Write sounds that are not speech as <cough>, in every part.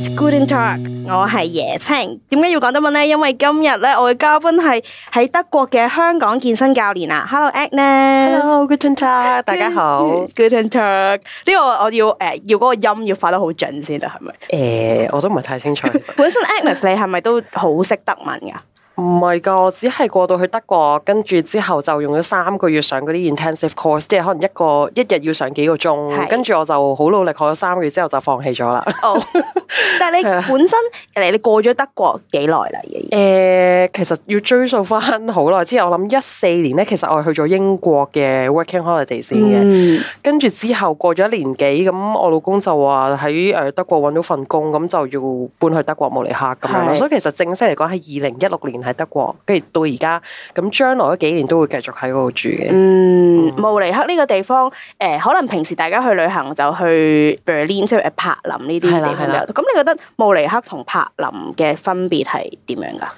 Guten Tag，我係椰青。點解要講德文呢？因為今日咧，我嘅嘉賓係喺德國嘅香港健身教練啊。Hello，Agnes？Hello，Guten Tag，大家好。Guten, Guten Tag，呢個我要誒、呃，要嗰個音要發得好準先啦，係咪？誒、欸，我都唔係太清楚。 <laughs> 本身 Agnes，你係咪都好識德文噶？唔係噶，我只係過到去德國，跟住之後就用咗三個月上嗰啲 intensive course，即係可能一個一日要上幾個鐘，跟住的我就好努力學咗三個月之後就放棄咗啦。哦、 <laughs> 但係你本身的你過咗德國幾耐啦？誒、呃，其實要追溯翻好耐之前之後，我諗一四年咧，其實我係去咗英國嘅 working holiday 先嘅、嗯，跟住之後過咗一年幾，咁我老公就話喺誒德國揾到份工，咁就要搬去德國慕尼黑咁樣的所以其實正式嚟講喺二零一六年。喺德國，跟住到而家，咁將來嗰幾年都會繼續喺嗰度住嘅、嗯。嗯，慕尼黑呢個地方，誒、呃，可能平時大家去旅行就去譬如 Berlin 即係柏林呢啲地方有。咁你覺得慕尼黑同柏林嘅分別係點樣噶？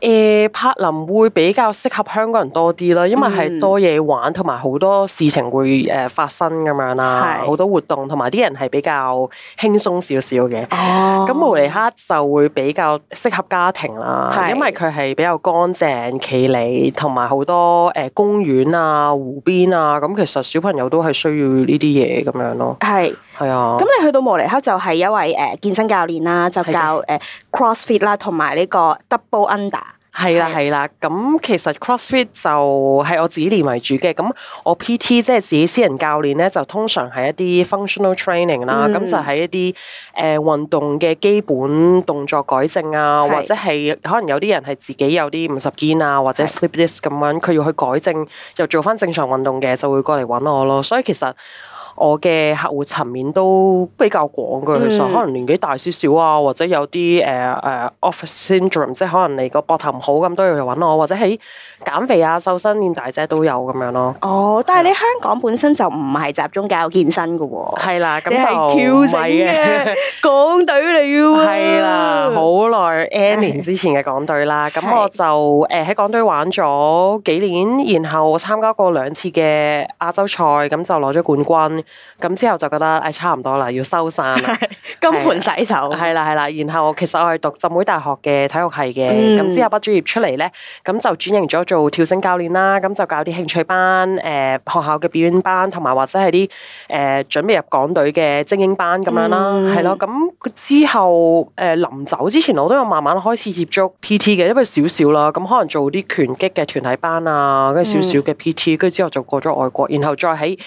誒、欸、柏林會比較適合香港人多啲啦，因為係多嘢玩同埋好多事情會誒發生咁樣啦，好、嗯、多活動同埋啲人係比較輕鬆少少嘅。哦，咁慕尼黑就會比較適合家庭啦，是因為佢係比較乾淨、企理同埋好多誒公園啊、湖邊啊。咁其實小朋友都係需要呢啲嘢咁樣咯。係係是啊。咁你去到慕尼黑就係一位誒健身教練啦，就教誒 CrossFit 啦，同埋呢個 Double Under。係啦，係啦，咁其實 CrossFit 就係我自己練為主嘅，咁我 PT 即係自己私人教練咧，就通常係一啲 functional training 啦、嗯，咁就喺一啲誒運動嘅基本動作改正啊，是的 或者係可能有啲人係自己有啲五十肩啊，或者 slip disc 咁樣，佢是的 要去改正又做返正常運動嘅，就會過嚟揾我咯，所以其實。我嘅客戶層面都比較廣嘅，其實可能年紀大少少啊，或者有啲誒誒 office syndrome，即係可能你個膊頭唔好咁都要去揾我，或者喺減肥啊、瘦身、練大隻都有咁樣咯。哦，但係你香港本身就唔係集中搞健身嘅喎。係啦，咁就跳仔嘅 <laughs> 港隊嚟嘅喎。啦，好耐 N 年之前嘅港隊啦。咁 <laughs> 我就誒喺港隊玩咗幾年，然後我參加過兩次嘅亞洲賽，咁就攞咗冠軍。咁之後就覺得誒、哎、差唔多啦，要收山 <laughs> 金盆洗手係啦係啦。然後其實我係讀浸會大學嘅體育系嘅，咁、嗯、之後畢咗業出嚟呢，咁就轉型咗做跳繩教練啦。咁就教啲興趣班，誒、呃、學校嘅表演班，同埋或者係啲誒準備入港隊嘅精英班咁樣啦，係咯、嗯。咁之後誒、呃、臨走之前，我都有慢慢開始接觸 PT 嘅，因為少少啦。咁可能做啲拳擊嘅團體班啊，跟住少少嘅 PT，跟住之後就過咗外國，然後再喺。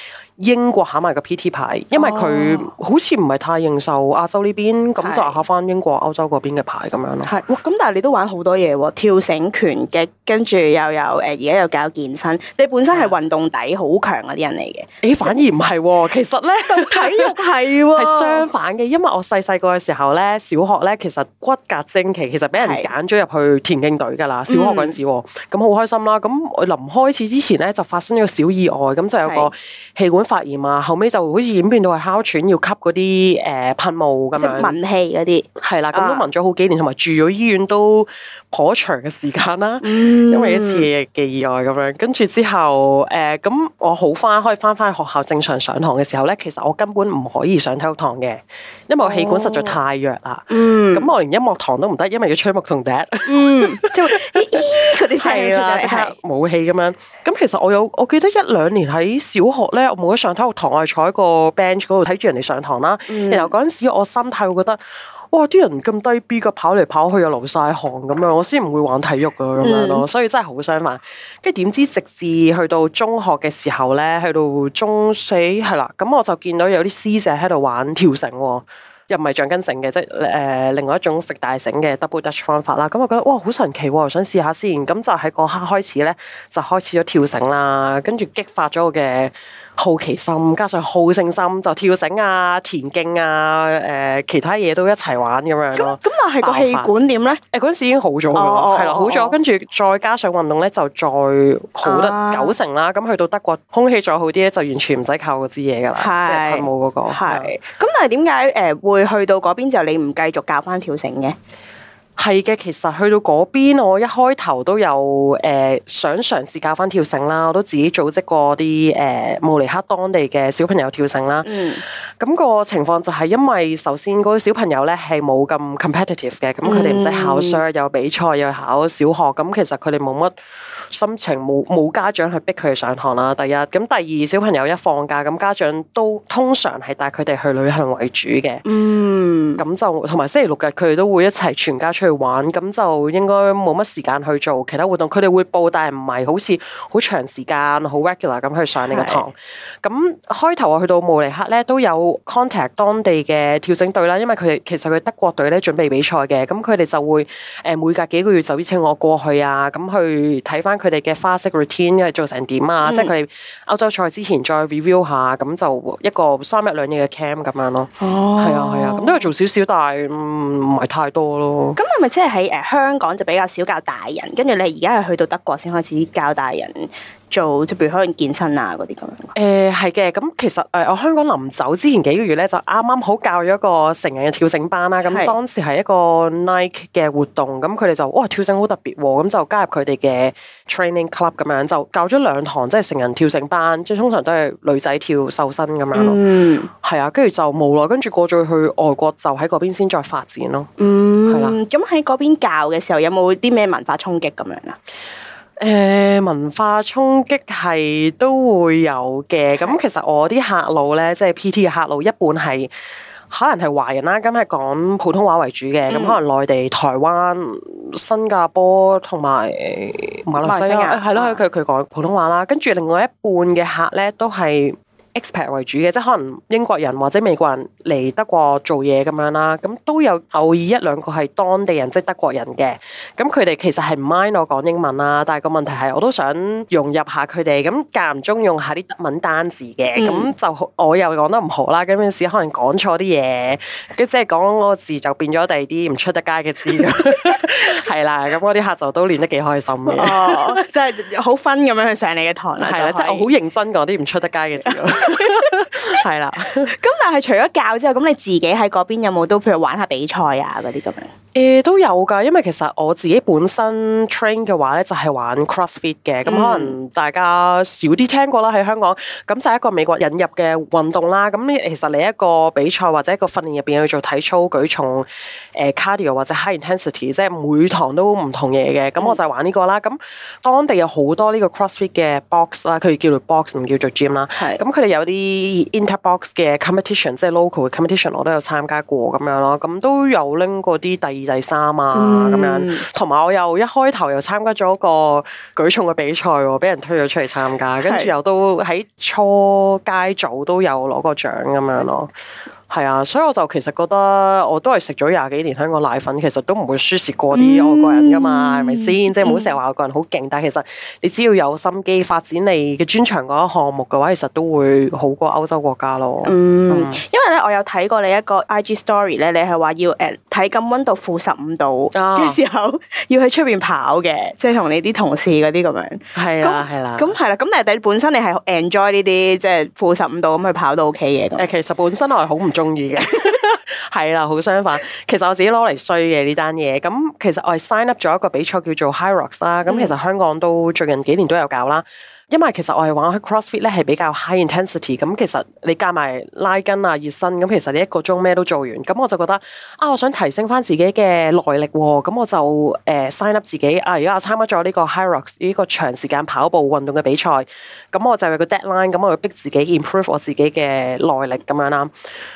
英國考埋個 PT 牌，因為佢好似唔係太認受亞洲呢邊，咁、哦、就考翻英國、歐洲嗰邊嘅牌咁樣咯。係，咁但係你都玩好多嘢喎，跳繩、拳擊，跟住又有誒，而家又搞健身。你本身係運動底好強嗰啲人嚟嘅。誒的，以反而唔係喎，其實咧對 <laughs> 體育係喎，係 <laughs> 相反嘅。因為我細細個嘅時候咧，小學咧其實骨格精奇，其實俾人揀咗入去田徑隊㗎啦。的小學嗰陣時，咁好、嗯、開心啦。咁我臨開始之前咧，就發生咗個小意外，咁、嗯、就有個氣管。發現嘛，後尾就好似演變到係哮喘，要吸嗰啲誒噴霧咁樣。即係聞氣嗰啲。係啦、啊，咁都聞咗好幾年，同埋住咗醫院都頗長嘅時間啦。嗯、因為一次嘅意外咁樣，跟住之後誒，咁、呃、我好翻，可以翻返去學校正常上堂嘅時候咧，其實我根本唔可以上體育堂嘅，因為我氣管實在太弱啦。嗯。咁我連音樂堂都唔得，因為要吹牧童笛。嗯。即係嗰啲聲出嚟係冇氣咁樣。咁其實我有，我記得一兩年喺小學咧，我冇上體育堂我係坐喺個 bench 嗰度睇住人哋上堂啦，嗯、然後嗰陣時我心態會覺得哇啲人咁低 B 個跑嚟跑去又流晒汗咁樣，我先唔會玩體育噶咁樣咯，嗯、所以真係好想玩。跟住點知直至去到中學嘅時候咧，去到中四係啦，咁我就見到有啲師姐喺度玩跳繩，又唔係橡筋繩嘅，即係誒、呃、另外一種闢大繩嘅 double dutch 方法啦。咁我覺得哇好神奇，我想試下先。咁就喺嗰刻開始咧，就開始咗跳繩啦，跟住激發咗我嘅。好奇心加上好勝心，就跳繩啊、田徑啊、誒、呃、其他嘢都一齊玩咁那樣咯。咁咁，但係個氣管點咧？誒，嗰陣時已經好咗嘅咯，係咯、哦哦哦，好咗。跟住再加上運動咧，就再好得九成啦。咁、啊、去到德國，空氣再好啲咧，就完全唔使靠嗰支嘢噶啦，的即係冇嗰個。係咁，但係點解誒會去到嗰邊之後，你唔繼續教翻跳繩嘅？係嘅，其實去到嗰邊，我一開頭都有誒、呃、想嘗試教返跳繩啦，我都自己組織過啲誒慕尼黑當地嘅小朋友跳繩啦。咁、嗯、個情況就係因為首先嗰啲、那個、小朋友咧係冇咁 competitive 嘅、嗯，咁佢哋唔使考 show、嗯、比賽又考小學，咁其實佢哋冇乜心情，冇冇家長去逼佢哋上堂啦。第一，咁第二小朋友一放假，咁家長都通常係帶佢哋去旅行為主嘅。嗯，咁就同埋星期六日佢哋都會一齊全家。出去玩咁就應該冇乜時間去做其他活動。佢哋會報，但係唔係好似好長時間、好 regular 咁去上呢個堂。咁開頭啊，我去到慕尼黑咧都有 contact 當地嘅跳繩隊啦，因為佢其實佢德國隊咧準備比賽嘅。咁佢哋就會誒每隔幾個月就邀請我過去啊，咁去睇翻佢哋嘅花式 routine 因為做成點啊，嗯、即係佢哋歐洲賽之前再 review 下。咁就一個三日兩夜嘅 camp 咁樣咯。哦，係啊，係啊，咁、啊、都係做少少，但係唔係太多咯。係咪即係喺誒，香港就比較少教大人，跟住你而家係去到德國先開始教大人？做即係譬如可能健身啊嗰啲咁樣。誒係嘅，咁其實誒我、呃、香港臨走之前幾個月咧，就啱啱好教咗一個成人嘅跳繩班啦。咁的當時係一個 Nike 嘅活動，咁佢哋就哇，跳繩好特別喎，咁就加入佢哋嘅 training club 咁樣，就教咗兩堂即係成人跳繩班，即係通常都係女仔跳瘦身咁樣咯。嗯，係啊，跟住就無奈跟住過咗去外國，就喺嗰邊先再發展咯。嗯，係啦的。咁喺嗰邊教嘅時候，有冇啲咩文化衝擊咁樣啊？誒文化衝擊係都會有嘅，咁其實我啲客路呢，即係 PT 嘅客路，一半係可能係華人啦，咁係講普通話為主嘅，咁、嗯、可能內地、台灣、新加坡同埋馬、馬來西亞，係咯、啊，佢佢、啊、講普通話啦，跟住另外一半嘅客呢，都係 expat 為主嘅，即係可能英國人或者美國人嚟德國做嘢咁樣啦，咁都有偶爾一兩個係當地人，即係德國人嘅。咁佢哋其實係唔 mind 我講英文啦，但係個問題係，我都想融入下佢哋，咁間唔中用下啲德文單字嘅，咁、嗯、就我又講得唔好啦，咁有時可能講錯啲嘢，跟住即係講嗰個字就變咗第二啲唔出得街嘅字咯，係啦， <laughs> <laughs> 咁我啲客就都練得幾開心嘅，哦，即係好分咁樣去上你嘅台，係啦，即係我好認真講啲唔出得街嘅字。 <laughs> 係啦，咁 <laughs> 對了 <laughs> 但係除咗教之後，咁你自己喺嗰邊有冇都譬如玩下比賽啊嗰啲咁樣？誒，都有噶，因為其實我自己本身 train 嘅話咧，就係玩 CrossFit 嘅。咁可能大家少啲聽過啦，喺香港咁就係一個美國引入嘅運動啦。咁其實你一個比賽或者一個訓練入邊去做體操、舉重、誒、呃、cardio 或者 high intensity，即係每堂都唔同嘢嘅。咁我就玩呢、這個啦。咁、嗯、當地有好多呢個 CrossFit 嘅 box 啦，佢叫做 box 唔叫做 gym 啦的。係咁，佢哋。有啲 interbox 嘅 competition，即係 local 嘅 competition，我都有參加過，咁樣咯，咁都有拎過啲第二、第三啊咁、嗯、樣，同埋我又一開頭又參加咗個舉重嘅比賽，俾人推咗出嚟參加，跟住又都喺初階組都有攞過獎，咁樣咯。係啊，嗯、所以我就其實覺得我都係食咗廿幾年香港奶粉，其實都唔會輸蝕過啲外國人噶嘛，係咪先？即係唔好成日話外國人好勁，但係其實你只要有心機發展你嘅專長嗰個項目嘅話，其實都會好過歐洲國家咯。嗯嗯、因為咧我有睇過你一個 IG story 咧，你係話要誒體感溫度負十五度嘅時候、啊、要喺出邊跑嘅，即係同你啲同事嗰啲咁樣。係啦，咁係那啦，咁但係你本身你係 enjoy 呢啲即係負十五度咁去跑到屋企嘅。其實本身我係好唔中。中意嘅，係啦， <laughs> 好相反。其實我自己攞嚟衰嘅呢單嘢。咁其實我係 sign up 咗一個比賽叫做 Hyrox 啦，嗯。咁其實香港都最近幾年都有搞啦。因為其實我係玩去 CrossFit 咧，係比較 high intensity。咁其實你加埋拉筋啊、熱身咁，其實你一個鐘咩都做完。咁我就覺得啊，我想提升翻自己嘅耐力喎。咁我就誒、呃、sign up 自己啊，而家我參加咗呢個 HYROX 呢個長時間跑步運動嘅比賽。咁我就有個 deadline，咁我要逼自己 improve 我自己嘅耐力咁樣啦。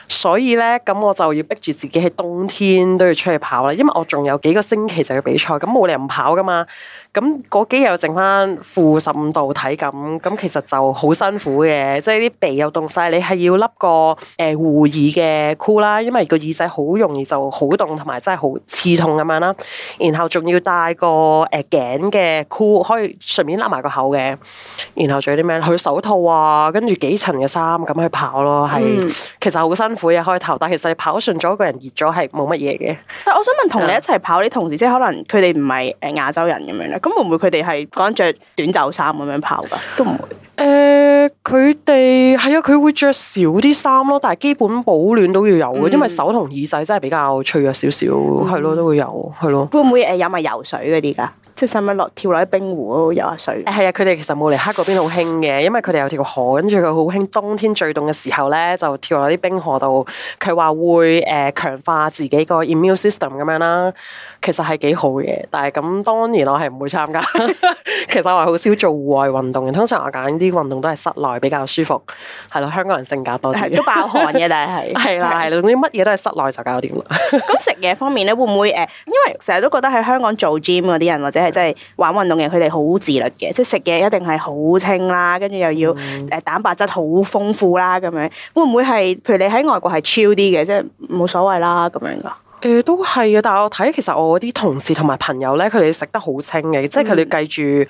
所以咧，咁我就要逼住自己喺冬天都要出去跑啦。因為我仲有幾個星期就要比賽，咁冇理由唔跑噶嘛。咁嗰幾日剩翻負十五度睇咁咁其實就好辛苦嘅，即係啲鼻又凍晒，你係要笠個誒護、呃、耳嘅箍啦，因為個耳仔好容易就好凍同埋真係好刺痛咁樣啦。然後仲要戴個誒頸嘅箍，可以順便笠埋個口嘅。然後仲有啲咩咧？佢手套啊，跟住幾層嘅衫咁去跑咯。係、嗯、其實好辛苦嘅開頭，但其實你跑順咗，個人熱咗係冇乜嘢嘅。但我想問，同你一齊跑啲同事，即係、嗯、可能佢哋唔係誒亞洲人咁樣咧，咁會唔會佢哋係講着短袖衫咁樣跑？都唔會誒，佢哋係啊，佢會着少啲衫咯，但係基本保暖都要有嘅，嗯、因為手同耳仔真係比較脆弱少少，係咯、嗯，都會有，係咯。會唔會誒有埋游水嗰啲㗎？即係使唔使落跳落啲冰湖嗰度游下水？誒，係啊，佢哋其實慕尼黑嗰邊好興嘅，因為佢哋有條河，跟住佢好興冬天最凍嘅時候咧，就跳落啲冰河度。佢話會誒強化自己個 immune system 咁樣啦，其實係幾好嘅。但係咁當然我係唔會參加。其實我係好少做戶外運動嘅，通常我揀啲運動都係室內比較舒服，係咯。香港人性格多啲，都爆汗嘅，但係係啦係啦，總之乜嘢都係室內就搞掂啦。咁食嘢方面咧，會唔會誒？因為成日都覺得喺香港做 gym 嗰啲人或者。即係玩運動嘅，佢哋好自律嘅，即係食嘢一定係好清啦，跟住又要誒、嗯、蛋白質好豐富啦，咁樣會唔會係？譬如你喺外國係超啲嘅，即係冇所謂啦咁樣噶。誒，嗯、都係啊！但係我睇其實我啲同事同埋朋友咧，佢哋食得好清嘅，嗯、即係佢哋計住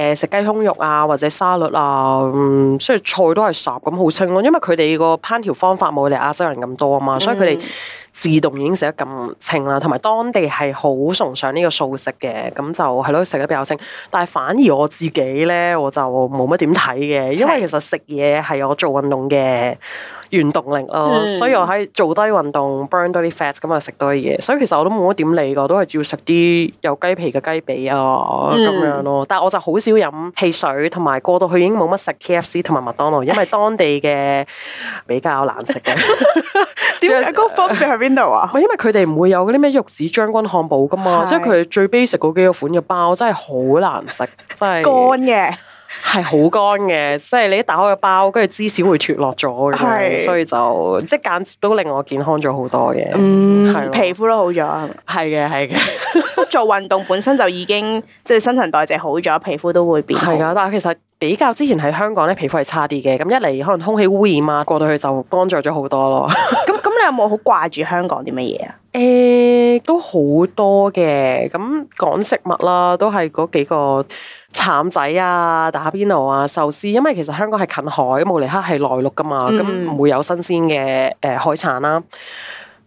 誒食雞胸肉啊，或者沙律啊，嗯，所以菜都係霎咁好清咯，因為佢哋個烹調方法冇我哋亞洲人咁多啊嘛，所以佢哋自動已經食得咁清啦，同埋當地係好崇尚呢個素食嘅，咁就係咯，食得比較清。但係反而我自己咧，我就冇乜點睇嘅，因為其實食嘢係我做運動嘅原動力咯，所以我喺做低運動 burn 多啲 fat 咁啊，食多啲嘢。所以其實我都冇乜點理噶，都係照食啲有雞皮嘅雞髀啊咁樣咯。但係我就好少飲汽水，同埋過到去已經冇乜食 KFC 同埋麥當勞，因為當地嘅比較難食嘅。點解？ <laughs> 麼 <laughs> <laughs> 啊？因為佢哋唔會有嗰啲咩玉子將軍漢堡噶嘛，是即係佢哋最 basic 嗰幾個款嘅包真係好難食，真係乾嘅，係好乾嘅，即係你一打開個包，跟住芝士會脫落咗，是所以就即係間接都令我健康咗好多嘅，嗯，的皮膚都好咗，係嘅係嘅， <laughs> 做運動本身就已經即係、就是、新陳代謝好咗，皮膚都會變係噶，但係其實。比較之前喺香港咧，皮膚係差啲嘅，咁一嚟可能空氣污染嘛，過到去就幫助咗好多咯、 <laughs> <laughs> 嗯。咁咁，你有冇好掛住香港啲乜嘢啊？誒、欸，都好多嘅，咁講食物啦，都係嗰幾個炒仔啊、打邊爐啊、壽司，因為其實香港係近海，慕尼黑係內陸㗎嘛，咁唔、嗯嗯、會有新鮮嘅誒海產啦。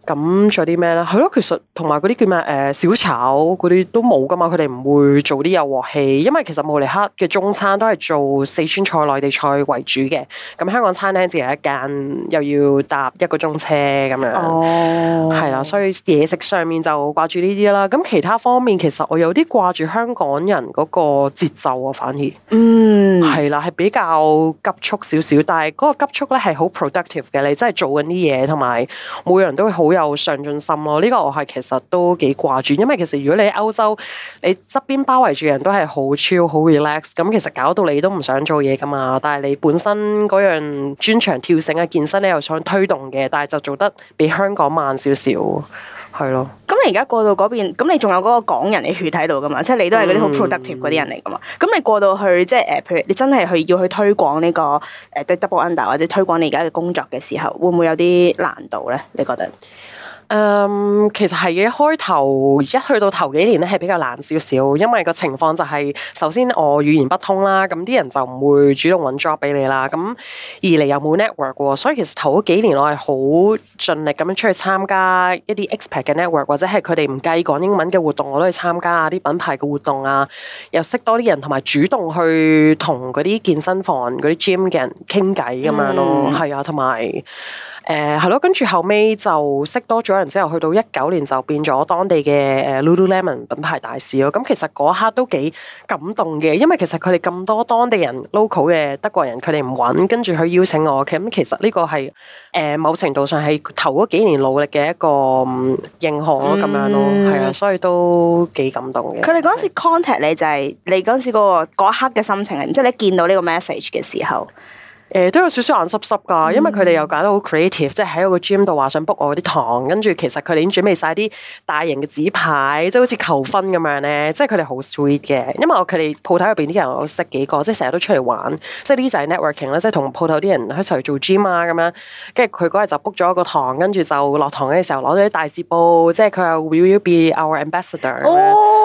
咁仲有啲咩咧？係咯，其實同埋嗰啲叫咩？誒、呃、小炒嗰啲都冇噶嘛。佢哋唔會做啲有鑊氣，因為其實慕尼黑嘅中餐都係做四川菜、內地菜為主嘅。咁香港餐廳只有一間，又要搭一個鐘車咁樣，係啦、oh。所以嘢食上面就掛住呢啲啦。咁其他方面，其實我有啲掛住香港人嗰個節奏啊，反而嗯係啦，係、mm. 比較急促少少，但係嗰個急促咧係好 productive 嘅。你真係做緊啲嘢，同埋每個人都會好，有上進心咯，呢個我係其實都幾掛住，因為其實如果你喺歐洲，你側邊包圍住人都係好超好 relax，咁其實搞到你都唔想做嘢噶嘛。但係你本身嗰樣專長跳繩嘅健身你又想推動嘅，但係就做得比香港慢少少。係咯，咁你而家過到嗰邊，咁你仲有嗰個港人嘅血喺度噶嘛？即係你都係嗰啲好 productive 嗰啲人嚟噶嘛？咁、嗯、你過到去，即係誒，譬如你真係去要去推廣呢、呢個誒、呃、double under 或者推廣你而家嘅工作嘅時候，會唔會有啲難度咧？你覺得？嗯，um, 其實係嘅。開頭一去到頭幾年咧，係比較難少少，因為個情況就係、是、首先我語言不通啦，咁啲人就唔會主動揾 job 俾你啦。咁二嚟又冇 network，所以其實頭嗰幾年我係好盡力咁樣出去參加一啲 expert 嘅 network，或者係佢哋唔計講英文嘅活動我都去參加啊，啲品牌嘅活動啊，又識多啲人，同埋主動去同嗰啲健身房嗰啲 gym 嘅人傾偈咁樣咯。係、嗯、啊，同埋。誒係咯，跟住、嗯、後尾就識多咗人之後，去到一九年就變咗當地嘅 Lululemon 品牌大使咯。咁其實嗰一刻都幾感動嘅，因為其實佢哋咁多當地人 local 嘅德國人，佢哋唔揾，跟住去邀請我，咁其實呢個係誒、呃、某程度上係頭嗰幾年努力嘅一個認可咯，咁樣咯，係啊，所以都幾感動嘅。佢哋嗰陣時 contact 你，就你那時、那個，就係你嗰陣時嗰個嗰刻嘅心情係點？即係你見到呢個 message 嘅時候。誒都有少少眼濕濕㗎，嗯、因為佢哋又搞得好 creative，即係喺我個 gym 度話想 book 我啲堂，跟住其實佢哋已經準備晒啲大型嘅紙牌，即係好似求婚咁樣咧。即係佢哋好 sweet 嘅，因為我佢哋鋪頭入邊啲人，我識幾個，即係成日都出嚟玩，即係呢就係 networking 啦，即係同鋪頭啲人一齊做 gym 啊咁樣。跟住佢嗰日就 book 咗一個堂，跟住就落堂嘅時候攞咗啲大字報，即係佢話 Will you be our ambassador，哦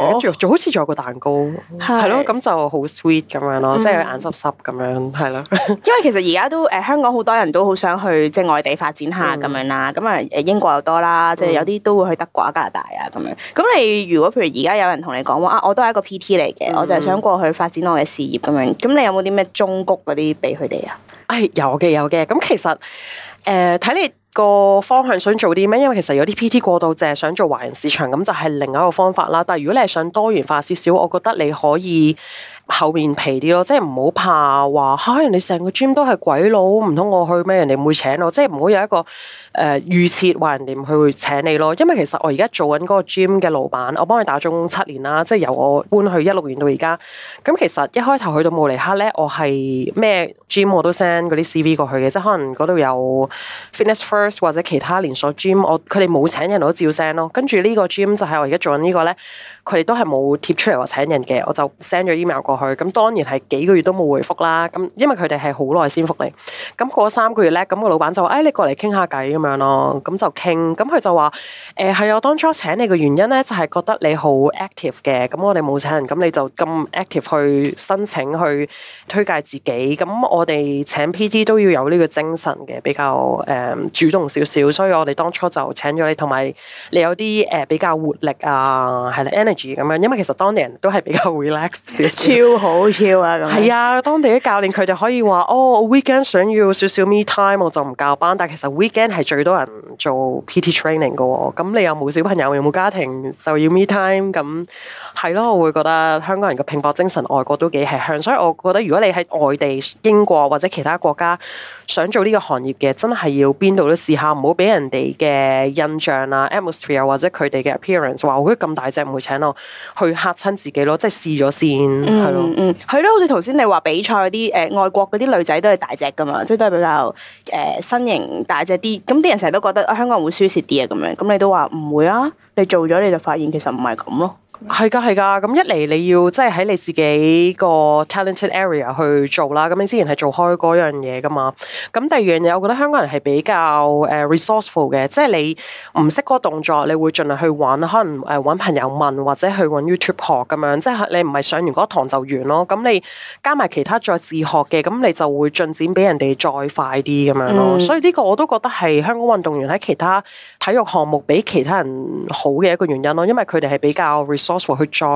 跟住仲好似仲有個蛋糕，係咯的，咁就好 sweet 咁樣咯，嗯、即係眼濕濕咁樣，係咯。因為其實而家都誒、呃、香港好多人都好想去即係外地發展下咁、嗯、樣啦，咁啊誒英國又多啦，即係有啲都會去德國、加拿大啊咁樣。咁你如果譬如而家有人同你講話啊，我都係一個 PT 嚟嘅，嗯、我就係想過去發展我嘅事業咁樣。咁你有冇啲咩忠告嗰啲俾佢哋啊？誒、哎、有嘅有嘅，咁其實誒睇、呃、你。個方向想做啲咩？因為其實有啲 PT 過度，淨係想做華人市場，咁就係另一個方法啦。但係如果你係想多元化少少，我覺得你可以。後面皮啲咯，即係唔好怕話，嗨、啊、人哋成個 gym 都係鬼佬，唔通我去咩？人哋唔會請我，即係唔好有一個誒、呃、預設話人哋唔去會請你咯。因為其實我而家做緊嗰個 gym 嘅老闆，我幫你打中七年啦，即係由我搬去一六年到而家。咁其實一開頭去到慕尼黑呢，我係咩 gym 我都 send 嗰啲 CV 過去嘅，即係可能嗰度有 Fitness First 或者其他連鎖 gym，我佢哋冇請人我都照 send 咯。跟住呢個 gym 就係我而家做緊、這、呢個呢。佢哋都係冇貼出嚟話請人嘅，我就 send 咗 email 過去。咁當然係幾個月都冇回覆啦。咁因為佢哋係好耐先覆你。咁過咗三個月咧，咁個老闆就話：誒、哎，你過嚟傾下偈咁樣咯。咁就傾。咁佢就話：誒、呃，係啊。當初請你嘅原因咧，就係、是、覺得你好 active 嘅。咁我哋冇請人，咁你就咁 active 去申請去推介自己。咁我哋請 PT 都要有呢個精神嘅，比較誒、嗯、主動少少。所以我哋當初就請咗你。同埋你有啲誒、呃、比較活力啊，係啦。咁樣，因為其實當地人都係比較 relaxed，超好超啊咁。係啊，當地啲教練佢哋可以話：哦，weekend 想要少少 me time，我就唔教班。但其實 weekend 係最多人做 PT training 噶喎。咁你有冇小朋友，有冇家庭，就要 me time。咁係咯，我會覺得香港人嘅拼搏精神，外國都幾吃香。所以我覺得如果你喺外地、英國或者其他國家想做呢個行業嘅，真係要邊度都試下，唔好俾人哋嘅印象啊、atmosphere 或者佢哋嘅 appearance 話：我覺得咁大隻唔會請。去吓親自己咯，即係試咗先，係 <noise> 咯，係、嗯、咯，好似頭先你話比賽嗰啲誒，外國嗰啲女仔都係大隻噶嘛，即係都係比較誒身形大隻啲，咁啲人成日都覺得啊，香港人會輸蝕啲啊，咁樣，咁你都話唔會啊？你做咗你就發現其實唔係咁咯。係噶係噶，咁一嚟你要即係喺你自己個 talented area 去做啦，咁你之前係做開嗰樣嘢噶嘛，咁第二樣嘢我覺得香港人係比較誒 resourceful 嘅，即係你唔識嗰個動作，你會盡量去揾可能誒揾朋友問或者去揾 YouTube 學。咁樣，即係你唔係上完嗰堂就完咯，咁你加埋其他再自學嘅，咁你就會進展比人哋再快啲咁樣咯。嗯、所以呢個我都覺得係香港運動員喺其他體育項目比其他人好嘅一個原因咯，因為佢哋係比較 resourceful 去再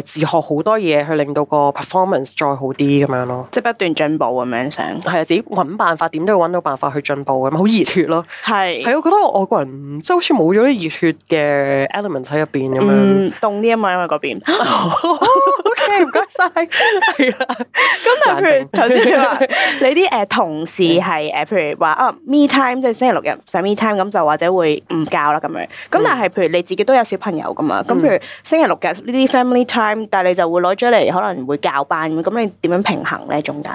誒自學好多嘢，去令到個 performance 再好啲咁樣咯，即係不斷進步咁樣想。係啊，自己揾辦法，點都要揾到辦法去進步啊嘛，好熱血咯。係係是，我覺得外國人即係好似冇咗啲熱血嘅 element 喺入邊咁樣。嗯，凍啲啊嘛，因為嗰邊、 <laughs> 哦。OK，唔該晒，係 <laughs> 啊 <laughs> 如。咁但譬如頭先你話你啲誒同事係誒譬如話啊、哦、，me time 即係星期六日上 me time，咁就或者會唔教啦咁樣。咁但係譬、嗯、如你自己都有小朋友噶嘛，咁譬如。嗯星期六日呢啲 family time，但係你就會攞咗嚟可能會教班咁，你點樣平衡咧中間？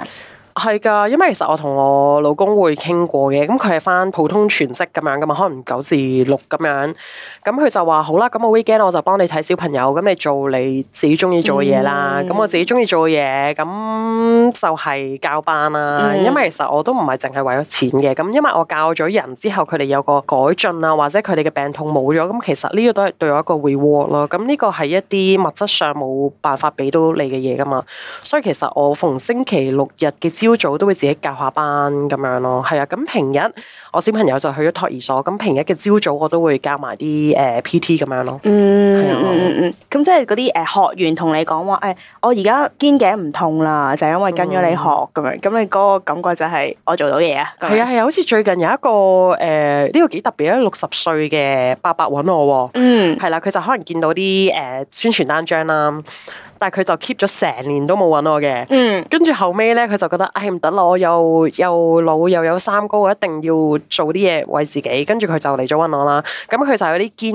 係噶，因為其實我同我老公會傾過嘅，咁佢係返普通全職咁樣噶嘛，可能九至六咁樣。咁佢就話：嗯、好啦，咁我 weekend 我就幫你睇小朋友，咁你做你自己中意做嘅嘢啦。咁、嗯、我自己中意做嘅嘢，咁就係教班啦。嗯、因為其實我都唔係淨係為咗錢嘅，咁因為我教咗人之後，佢哋有個改進啊，或者佢哋嘅病痛冇咗，咁其實呢個都係對我一個 reward 咯。咁呢個係一啲物質上冇辦法俾到你嘅嘢噶嘛。所以其實我逢星期六日嘅。朝早都會自己教下班咁樣咯，係啊。咁平日我小朋友就去咗托兒所，咁平日嘅朝早我都會教埋啲誒 P.T. 咁樣咯。嗯嗯嗯嗯，咁、嗯、即係嗰啲誒學員同你講話，誒、哎，我而家肩頸唔痛啦，就係、因為跟咗你學咁樣。咁、嗯、你嗰個感覺就係、係、我做到嘢啊。係啊係啊，好似最近有一個誒呢、呃呢個幾特別啊，六十歲嘅伯伯揾我，嗯，係啦，佢就可能見到啲誒宣傳單張啦。但係佢就 keep 咗成年都冇揾我嘅，跟住、嗯、後尾咧，佢就覺得唉，唔得啦，我又又老又有三高，我一定要做啲嘢為自己。跟住佢就嚟咗揾我啦。咁佢就有啲肩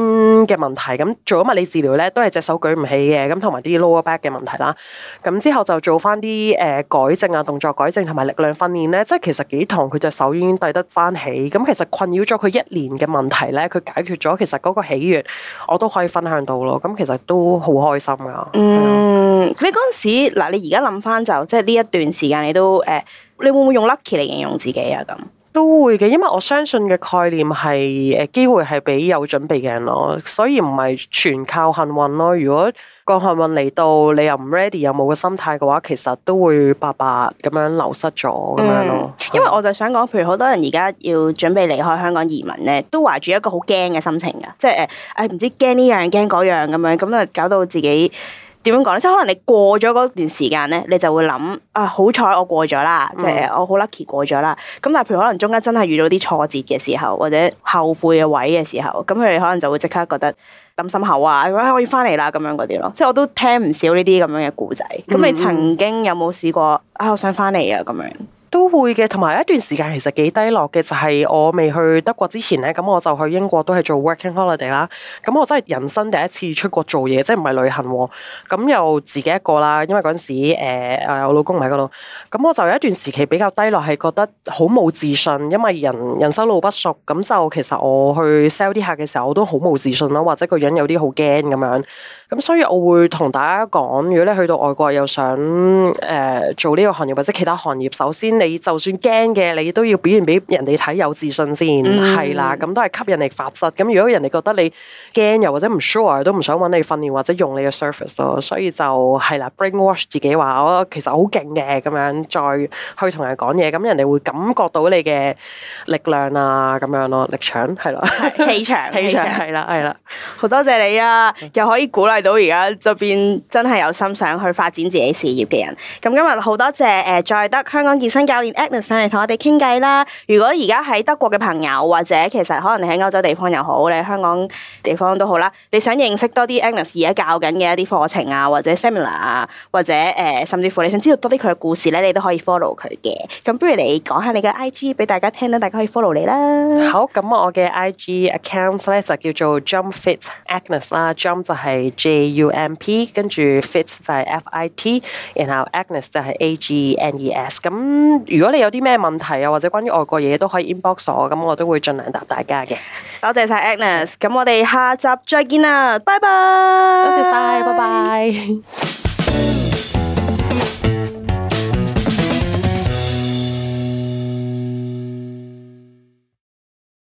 嘅問題，咁做咗物理治療咧，都係隻手舉唔起嘅，咁同埋啲 lower back 嘅問題啦。咁之後就做翻啲誒改正啊，動作改正同埋力量訓練咧，即係其實幾堂佢隻手已經遞得翻起。咁其實困擾咗佢一年嘅問題咧，佢解決咗。其實嗰個喜悅我都可以分享到咯。咁其實都好開心噶。嗯嗯，你嗰陣時嗱，你而家諗翻就，即係呢一段時間你都誒、呃，你會唔會用 lucky 嚟形容自己啊？咁都會嘅，因為我相信嘅概念係誒，機會係俾有準備嘅人咯，所以唔係全靠幸運咯。如果個幸運嚟到，你又唔 ready 又冇個心態嘅話，其實都會白白咁樣流失咗咁樣咯。嗯、的因為我就想講，譬如好多人而家要準備離開香港移民咧，都懷住一個好驚嘅心情㗎，即係誒，誒、呃、唔知驚呢樣驚嗰樣咁樣，咁啊，就搞到自己。點樣講咧？即係可能你過咗嗰段時間咧，你就會諗啊，好彩我過咗啦，即係、嗯、我好 lucky 過咗啦。咁但係譬如可能中間真係遇到啲挫折嘅時候，或者後悔嘅位嘅時候，咁佢哋可能就會即刻覺得諗心口啊，我我要翻嚟啦咁樣嗰啲咯。即係我都聽唔少呢啲咁樣嘅故仔。咁、嗯、你曾經有冇試過啊？我想翻嚟啊咁樣。都會嘅，同埋一段時間其實幾低落嘅，就係、是、我未去德國之前咧，咁我就去英國都係做 working holiday 啦。咁我真係人生第一次出國做嘢，即係唔係旅行喎。咁又自己一個啦，因為嗰陣時誒、呃啊、我老公唔喺嗰度。咁我就有一段時期比較低落，係覺得好冇自信，因為人人生路不熟。咁就其實我去 sell 啲客嘅時候，我都好冇自信咯，或者個樣有啲好驚咁樣。咁所以我會同大家講，如果你去到外國又想誒、呃、做呢個行業或者其他行業，首先。你就算驚嘅，你都要表現俾人哋睇有自信先，係、嗯、啦，咁都係吸引力法則。咁如果人哋覺得你驚又或者唔 sure，都唔想揾你訓練或者用你嘅 service 咯。所以就係啦 brainwash 自己話，我其實好勁嘅咁樣，再去同人講嘢，咁人哋會感覺到你嘅力量啊，咁樣咯，力場，係咯，氣場，氣 <laughs> 場，係啦係啦，好 <laughs> 多謝你啊，又可以鼓勵到而家側邊真係有心想去發展自己，自己事業嘅人。咁今日好多謝誒再得香港健身教練 Agnes 上嚟同我哋傾偈啦！如果而家喺德國嘅朋友，或者其實可能你喺歐洲地方又好，你喺香港地方都好啦，你想認識多啲 Agnes 而家教緊嘅一啲課程啊，或者 Similar 啊，或者誒、呃，甚至乎你想知道多啲佢嘅故事咧，你都可以 follow 佢嘅。咁不如你講下你嘅 IG 俾大家聽啦，大家可以 follow 你啦。好，咁我嘅 IG accounts 咧就叫做 JumpFit Agnes 啦，Jump 就係 J U M P，跟住 Fit 就係 F I T，然後 Agnes 就係 A G N E S。咁如果你有啲咩問題啊，或者關於外國嘢都可以 inbox 我，咁我都會盡量答大家嘅。多謝晒 Agnes，咁我哋下集再見啦，拜拜。多謝晒，拜拜。 <music>